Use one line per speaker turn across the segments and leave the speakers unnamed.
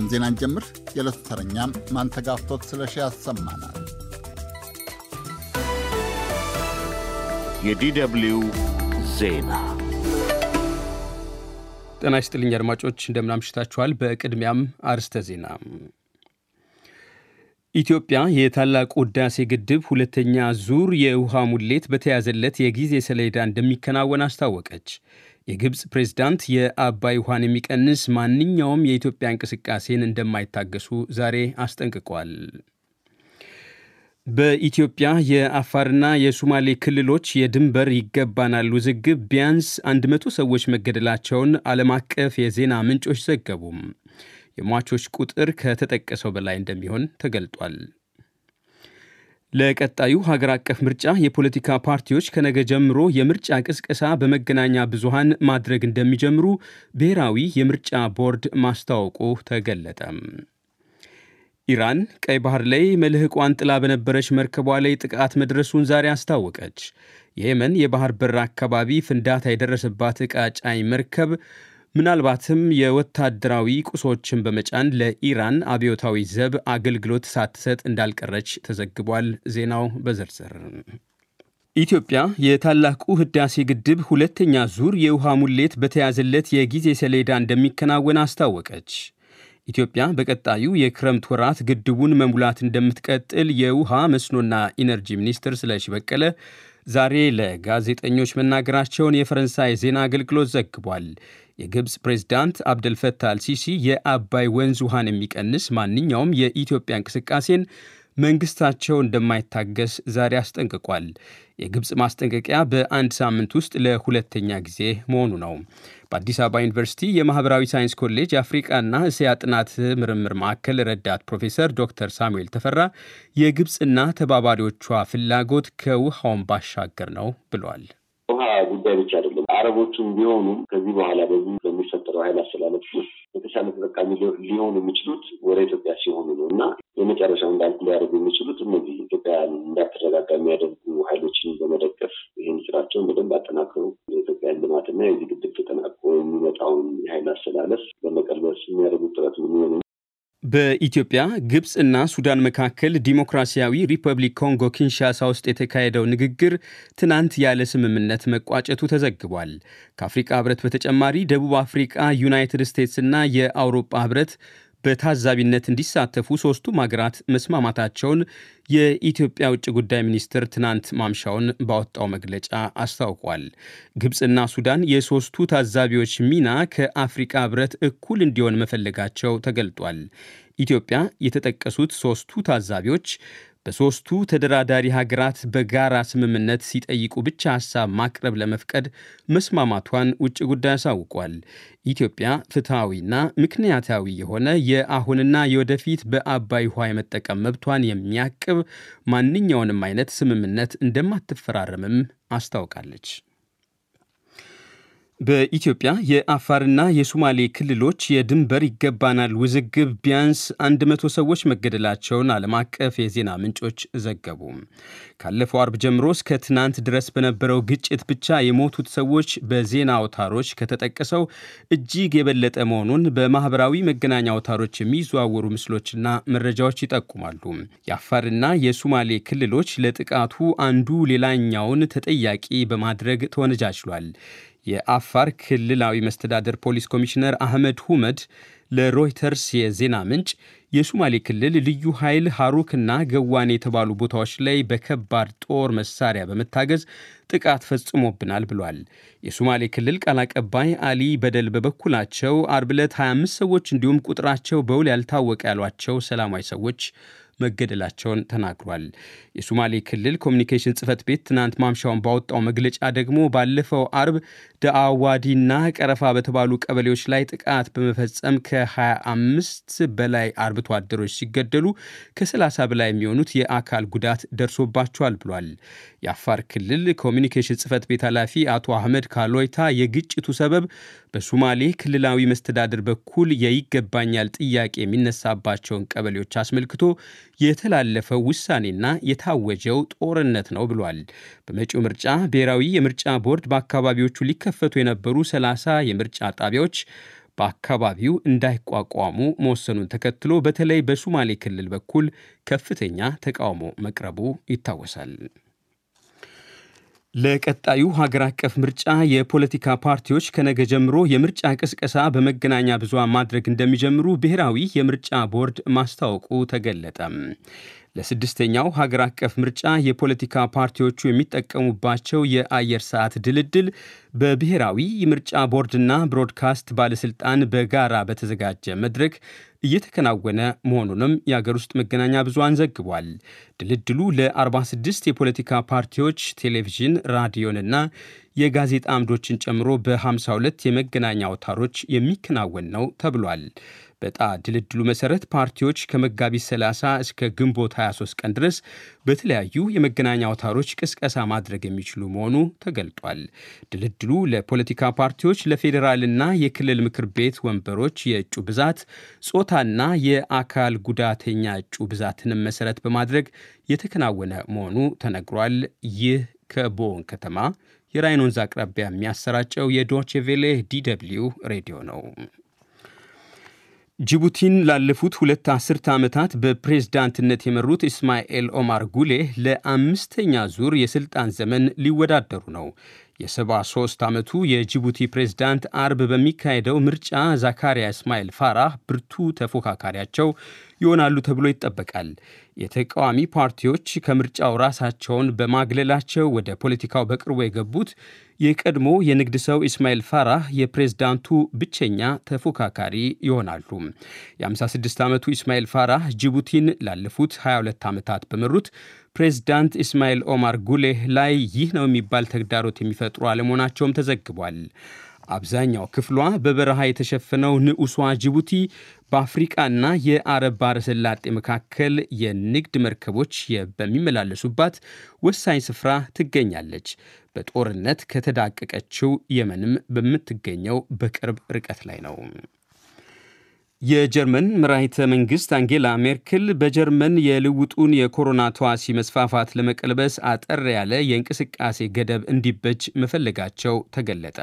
በዓለም ዜናን ጀምር። የዕለቱ ተረኛ ማንተጋፍቶት ስለሺ ያሰማናል። የዲደብልዩ ዜና ጤና ይስጥልኝ አድማጮች፣ እንደምናምሽታችኋል። በቅድሚያም አርስተ ዜና ኢትዮጵያ የታላቁ ህዳሴ ግድብ ሁለተኛ ዙር የውሃ ሙሌት በተያዘለት የጊዜ ሰሌዳ እንደሚከናወን አስታወቀች። የግብፅ ፕሬዝዳንት የአባይ ውሃን የሚቀንስ ማንኛውም የኢትዮጵያ እንቅስቃሴን እንደማይታገሱ ዛሬ አስጠንቅቋል። በኢትዮጵያ የአፋርና የሱማሌ ክልሎች የድንበር ይገባናል ውዝግብ ቢያንስ 100 ሰዎች መገደላቸውን ዓለም አቀፍ የዜና ምንጮች ዘገቡም። የሟቾች ቁጥር ከተጠቀሰው በላይ እንደሚሆን ተገልጧል። ለቀጣዩ ሀገር አቀፍ ምርጫ የፖለቲካ ፓርቲዎች ከነገ ጀምሮ የምርጫ ቅስቀሳ በመገናኛ ብዙሃን ማድረግ እንደሚጀምሩ ብሔራዊ የምርጫ ቦርድ ማስታወቁ ተገለጠ። ኢራን ቀይ ባህር ላይ መልህቋን ጥላ በነበረች መርከቧ ላይ ጥቃት መድረሱን ዛሬ አስታወቀች። የየመን የባህር በር አካባቢ ፍንዳታ የደረሰባት ዕቃ ጫኝ መርከብ ምናልባትም የወታደራዊ ቁሶችን በመጫን ለኢራን አብዮታዊ ዘብ አገልግሎት ሳትሰጥ እንዳልቀረች ተዘግቧል። ዜናው በዝርዝር ኢትዮጵያ የታላቁ ህዳሴ ግድብ ሁለተኛ ዙር የውሃ ሙሌት በተያዘለት የጊዜ ሰሌዳ እንደሚከናወን አስታወቀች። ኢትዮጵያ በቀጣዩ የክረምት ወራት ግድቡን መሙላት እንደምትቀጥል የውሃ መስኖና ኢነርጂ ሚኒስትር ስለሺ በቀለ ዛሬ ለጋዜጠኞች መናገራቸውን የፈረንሳይ ዜና አገልግሎት ዘግቧል። የግብፅ ፕሬዝዳንት አብደልፈታ አልሲሲ የአባይ ወንዝ ውሃን የሚቀንስ ማንኛውም የኢትዮጵያ እንቅስቃሴን መንግስታቸው እንደማይታገስ ዛሬ አስጠንቅቋል። የግብፅ ማስጠንቀቂያ በአንድ ሳምንት ውስጥ ለሁለተኛ ጊዜ መሆኑ ነው። በአዲስ አበባ ዩኒቨርሲቲ የማህበራዊ ሳይንስ ኮሌጅ አፍሪቃና እስያ ጥናት ምርምር ማዕከል ረዳት ፕሮፌሰር ዶክተር ሳሙኤል ተፈራ የግብፅና ተባባሪዎቿ ፍላጎት ከውሃውን ባሻገር ነው ብሏል። ውሃ ጉዳይ ብቻ አረቦቹም ቢሆኑም ከዚህ በኋላ በዚህ በሚፈጠረው ኃይል አስተላለፍ ውስጥ የተሻለ ተጠቃሚ ሊሆኑ የሚችሉት ወደ ኢትዮጵያ ሲሆኑ ነው እና የመጨረሻው እንዳልኩ ሊያደርጉ የሚችሉት እነዚህ ኢትዮጵያ እንዳትረጋጋ የሚያደርጉ ኃይሎችን በመደገፍ ይህን ስራቸውን በደንብ አጠናክሩ የኢትዮጵያን ልማትና የዚህ ግድብ ተጠናቆ የሚመጣውን የኃይል አስተላለፍ በመቀልበስ የሚያደርጉት ጥረት የሚሆኑ በኢትዮጵያ ግብፅና ሱዳን መካከል ዲሞክራሲያዊ ሪፐብሊክ ኮንጎ ኪንሻሳ ውስጥ የተካሄደው ንግግር ትናንት ያለ ስምምነት መቋጨቱ ተዘግቧል። ከአፍሪቃ ህብረት በተጨማሪ ደቡብ አፍሪቃ፣ ዩናይትድ ስቴትስና የአውሮፓ ህብረት በታዛቢነት እንዲሳተፉ ሶስቱም ሀገራት መስማማታቸውን የኢትዮጵያ ውጭ ጉዳይ ሚኒስትር ትናንት ማምሻውን ባወጣው መግለጫ አስታውቋል። ግብፅና ሱዳን የሶስቱ ታዛቢዎች ሚና ከአፍሪቃ ህብረት እኩል እንዲሆን መፈለጋቸው ተገልጧል። ኢትዮጵያ የተጠቀሱት ሶስቱ ታዛቢዎች በሦስቱ ተደራዳሪ ሀገራት በጋራ ስምምነት ሲጠይቁ ብቻ ሀሳብ ማቅረብ ለመፍቀድ መስማማቷን ውጭ ጉዳይ አሳውቋል። ኢትዮጵያ ፍትሐዊና ምክንያታዊ የሆነ የአሁንና የወደፊት በአባይ ውሃ የመጠቀም መብቷን የሚያቅብ ማንኛውንም አይነት ስምምነት እንደማትፈራረምም አስታውቃለች። በኢትዮጵያ የአፋርና የሱማሌ ክልሎች የድንበር ይገባናል ውዝግብ ቢያንስ 100 ሰዎች መገደላቸውን ዓለም አቀፍ የዜና ምንጮች ዘገቡ። ካለፈው አርብ ጀምሮ እስከ ትናንት ድረስ በነበረው ግጭት ብቻ የሞቱት ሰዎች በዜና አውታሮች ከተጠቀሰው እጅግ የበለጠ መሆኑን በማኅበራዊ መገናኛ አውታሮች የሚዘዋወሩ ምስሎችና መረጃዎች ይጠቁማሉ። የአፋርና የሱማሌ ክልሎች ለጥቃቱ አንዱ ሌላኛውን ተጠያቂ በማድረግ ተወነጃችሏል። የአፋር ክልላዊ መስተዳደር ፖሊስ ኮሚሽነር አህመድ ሁመድ ለሮይተርስ የዜና ምንጭ የሱማሌ ክልል ልዩ ኃይል ሐሩክና ገዋኔ የተባሉ ቦታዎች ላይ በከባድ ጦር መሳሪያ በመታገዝ ጥቃት ፈጽሞብናል ብሏል። የሶማሌ ክልል ቃል አቀባይ አሊ በደል በበኩላቸው አርብ ዕለት 25 ሰዎች እንዲሁም ቁጥራቸው በውል ያልታወቀ ያሏቸው ሰላማዊ ሰዎች መገደላቸውን ተናግሯል። የሶማሌ ክልል ኮሚኒኬሽን ጽህፈት ቤት ትናንት ማምሻውን ባወጣው መግለጫ ደግሞ ባለፈው አርብ ደአዋዲና ቀረፋ በተባሉ ቀበሌዎች ላይ ጥቃት በመፈጸም ከ25 በላይ አርብቶ አደሮች ሲገደሉ ከ30 በላይ የሚሆኑት የአካል ጉዳት ደርሶባቸዋል ብሏል። የአፋር ክልል ኮሚኒኬሽን ጽህፈት ቤት ኃላፊ አቶ አህመድ ካሎይታ የግጭቱ ሰበብ በሱማሌ ክልላዊ መስተዳድር በኩል የይገባኛል ጥያቄ የሚነሳባቸውን ቀበሌዎች አስመልክቶ የተላለፈው ውሳኔና የታወጀው ጦርነት ነው ብሏል። በመጪው ምርጫ ብሔራዊ የምርጫ ቦርድ በአካባቢዎቹ ሊከፈቱ የነበሩ 30 የምርጫ ጣቢያዎች በአካባቢው እንዳይቋቋሙ መወሰኑን ተከትሎ በተለይ በሱማሌ ክልል በኩል ከፍተኛ ተቃውሞ መቅረቡ ይታወሳል። ለቀጣዩ ሀገር አቀፍ ምርጫ የፖለቲካ ፓርቲዎች ከነገ ጀምሮ የምርጫ ቅስቀሳ በመገናኛ ብዙሃን ማድረግ እንደሚጀምሩ ብሔራዊ የምርጫ ቦርድ ማስታወቁ ተገለጠ። ለስድስተኛው ሀገር አቀፍ ምርጫ የፖለቲካ ፓርቲዎቹ የሚጠቀሙባቸው የአየር ሰዓት ድልድል በብሔራዊ ምርጫ ቦርድና ብሮድካስት ባለስልጣን በጋራ በተዘጋጀ መድረክ እየተከናወነ መሆኑንም የአገር ውስጥ መገናኛ ብዙሃን ዘግቧል። ድልድሉ ለ46 የፖለቲካ ፓርቲዎች ቴሌቪዥን፣ ራዲዮንና የጋዜጣ አምዶችን ጨምሮ በ52 የመገናኛ አውታሮች የሚከናወን ነው ተብሏል። በጣ ድልድሉ መሰረት ፓርቲዎች ከመጋቢት 30 እስከ ግንቦት 23 ቀን ድረስ በተለያዩ የመገናኛ አውታሮች ቅስቀሳ ማድረግ የሚችሉ መሆኑ ተገልጧል። ድልድሉ ለፖለቲካ ፓርቲዎች ለፌዴራልና የክልል ምክር ቤት ወንበሮች የእጩ ብዛት፣ ጾታና የአካል ጉዳተኛ እጩ ብዛትንም መሰረት በማድረግ የተከናወነ መሆኑ ተነግሯል። ይህ ከቦን ከተማ የራይን ወንዝ አቅራቢያ የሚያሰራጨው የዶችቬሌ ዲ ደብልዩ ሬዲዮ ነው። ጅቡቲን ላለፉት ሁለት አስርተ ዓመታት በፕሬዝዳንትነት የመሩት ኢስማኤል ኦማር ጉሌህ ለአምስተኛ ዙር የሥልጣን ዘመን ሊወዳደሩ ነው። የ73 ዓመቱ የጅቡቲ ፕሬዝዳንት አርብ በሚካሄደው ምርጫ ዛካሪያ እስማኤል ፋራህ ብርቱ ተፎካካሪያቸው ይሆናሉ ተብሎ ይጠበቃል። የተቃዋሚ ፓርቲዎች ከምርጫው ራሳቸውን በማግለላቸው ወደ ፖለቲካው በቅርቡ የገቡት የቀድሞ የንግድ ሰው ኢስማኤል ፋራህ የፕሬዝዳንቱ ብቸኛ ተፎካካሪ ይሆናሉ። የ56 ዓመቱ ኢስማኤል ፋራህ ጅቡቲን ላለፉት 22 ዓመታት በመሩት ፕሬዝዳንት ኢስማኤል ኦማር ጉሌህ ላይ ይህ ነው የሚባል ተግዳሮት የሚፈጥሩ አለመሆናቸውም ተዘግቧል። አብዛኛው ክፍሏ በበረሃ የተሸፈነው ንዑሷ ጅቡቲ በአፍሪቃና የአረብ ባሕረ ሰላጤ መካከል የንግድ መርከቦች በሚመላለሱባት ወሳኝ ስፍራ ትገኛለች። በጦርነት ከተዳቀቀችው የመንም በምትገኘው በቅርብ ርቀት ላይ ነው። የጀርመን መራሂተ መንግስት አንጌላ ሜርክል በጀርመን የልውጡን የኮሮና ተዋሲ መስፋፋት ለመቀልበስ አጠር ያለ የእንቅስቃሴ ገደብ እንዲበጅ መፈለጋቸው ተገለጠ።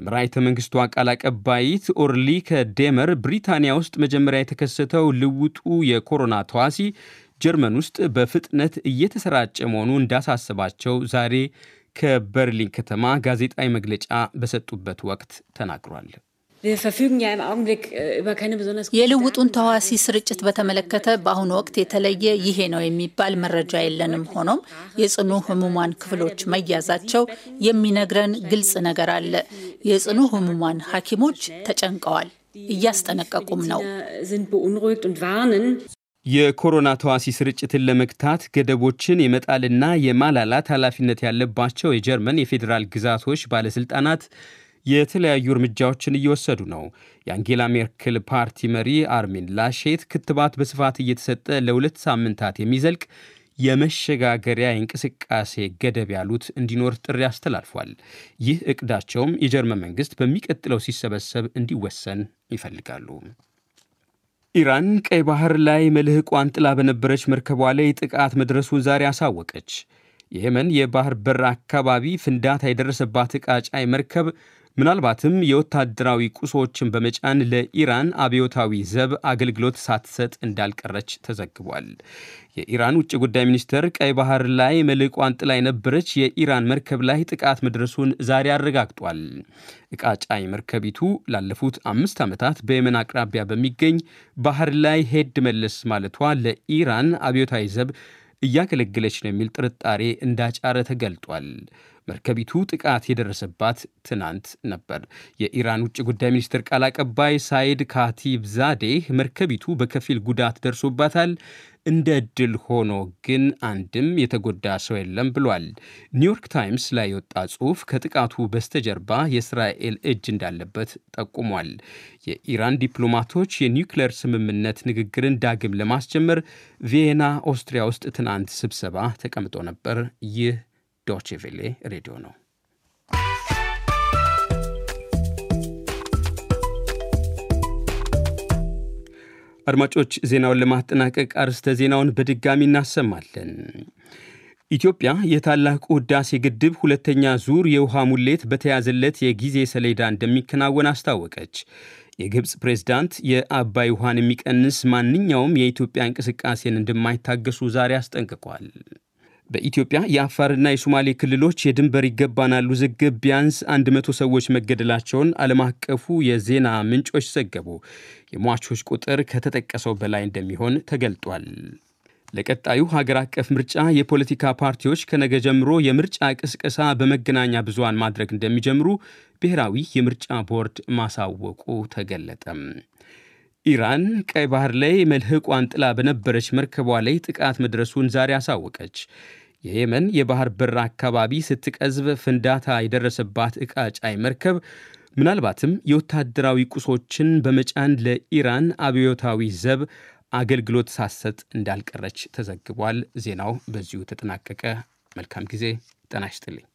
የመራሒተ መንግስቱ ቃል አቀባይት ኦርሊ ዴመር ብሪታንያ ውስጥ መጀመሪያ የተከሰተው ልውጡ የኮሮና ተዋሲ ጀርመን ውስጥ በፍጥነት እየተሰራጨ መሆኑ እንዳሳሰባቸው ዛሬ ከበርሊን ከተማ ጋዜጣዊ መግለጫ በሰጡበት ወቅት ተናግሯል። Äh, የልውጡን ተዋሲ ስርጭት በተመለከተ በአሁኑ ወቅት የተለየ ይሄ ነው የሚባል መረጃ የለንም። ሆኖም የጽኑ ህሙማን ክፍሎች መያዛቸው የሚነግረን ግልጽ ነገር አለ። የጽኑ ህሙማን ሐኪሞች ተጨንቀዋል፣ እያስጠነቀቁም ነው። የኮሮና ተዋሲ ስርጭትን ለመግታት ገደቦችን የመጣልና የማላላት ኃላፊነት ያለባቸው የጀርመን የፌዴራል ግዛቶች ባለስልጣናት የተለያዩ እርምጃዎችን እየወሰዱ ነው። የአንጌላ ሜርክል ፓርቲ መሪ አርሚን ላሼት ክትባት በስፋት እየተሰጠ ለሁለት ሳምንታት የሚዘልቅ የመሸጋገሪያ የእንቅስቃሴ ገደብ ያሉት እንዲኖር ጥሪ አስተላልፏል። ይህ እቅዳቸውም የጀርመን መንግስት በሚቀጥለው ሲሰበሰብ እንዲወሰን ይፈልጋሉ። ኢራን ቀይ ባህር ላይ መልህቋን ጥላ በነበረች መርከቧ ላይ ጥቃት መድረሱን ዛሬ አሳወቀች። የየመን የባህር በር አካባቢ ፍንዳታ የደረሰባት ዕቃ ጫይ መርከብ ምናልባትም የወታደራዊ ቁሶችን በመጫን ለኢራን አብዮታዊ ዘብ አገልግሎት ሳትሰጥ እንዳልቀረች ተዘግቧል። የኢራን ውጭ ጉዳይ ሚኒስትር ቀይ ባህር ላይ መልቋን ጥላ የነበረች የኢራን መርከብ ላይ ጥቃት መድረሱን ዛሬ አረጋግጧል። እቃ ጫይ መርከቢቱ ላለፉት አምስት ዓመታት በየመን አቅራቢያ በሚገኝ ባህር ላይ ሄድ መለስ ማለቷ ለኢራን አብዮታዊ ዘብ እያገለገለች ነው የሚል ጥርጣሬ እንዳጫረ ተገልጧል። መርከቢቱ ጥቃት የደረሰባት ትናንት ነበር። የኢራን ውጭ ጉዳይ ሚኒስትር ቃል አቀባይ ሳይድ ካቲብ ዛዴህ መርከቢቱ በከፊል ጉዳት ደርሶባታል፣ እንደ እድል ሆኖ ግን አንድም የተጎዳ ሰው የለም ብሏል። ኒውዮርክ ታይምስ ላይ የወጣ ጽሑፍ ከጥቃቱ በስተጀርባ የእስራኤል እጅ እንዳለበት ጠቁሟል። የኢራን ዲፕሎማቶች የኒውክሌር ስምምነት ንግግርን ዳግም ለማስጀመር ቪየና ኦስትሪያ ውስጥ ትናንት ስብሰባ ተቀምጦ ነበር። ይህ ዶችቬሌ ሬዲዮ ነው። አድማጮች ዜናውን ለማጠናቀቅ አርስተ ዜናውን በድጋሚ እናሰማለን። ኢትዮጵያ የታላቁ ሕዳሴ ግድብ ሁለተኛ ዙር የውሃ ሙሌት በተያዘለት የጊዜ ሰሌዳ እንደሚከናወን አስታወቀች። የግብፅ ፕሬዝዳንት የአባይ ውሃን የሚቀንስ ማንኛውም የኢትዮጵያ እንቅስቃሴን እንደማይታገሱ ዛሬ አስጠንቅቋል። በኢትዮጵያ የአፋርና የሶማሌ ክልሎች የድንበር ይገባናል ውዝግብ ቢያንስ 100 ሰዎች መገደላቸውን ዓለም አቀፉ የዜና ምንጮች ዘገቡ። የሟቾች ቁጥር ከተጠቀሰው በላይ እንደሚሆን ተገልጧል። ለቀጣዩ ሀገር አቀፍ ምርጫ የፖለቲካ ፓርቲዎች ከነገ ጀምሮ የምርጫ ቅስቀሳ በመገናኛ ብዙሃን ማድረግ እንደሚጀምሩ ብሔራዊ የምርጫ ቦርድ ማሳወቁ ተገለጠም። ኢራን ቀይ ባህር ላይ መልህቋን ጥላ በነበረች መርከቧ ላይ ጥቃት መድረሱን ዛሬ አሳወቀች። የየመን የባህር በር አካባቢ ስትቀዝብ ፍንዳታ የደረሰባት ዕቃ ጫይ መርከብ ምናልባትም የወታደራዊ ቁሶችን በመጫን ለኢራን አብዮታዊ ዘብ አገልግሎት ሳሰጥ እንዳልቀረች ተዘግቧል። ዜናው በዚሁ ተጠናቀቀ። መልካም ጊዜ። ጤና ይስጥልኝ።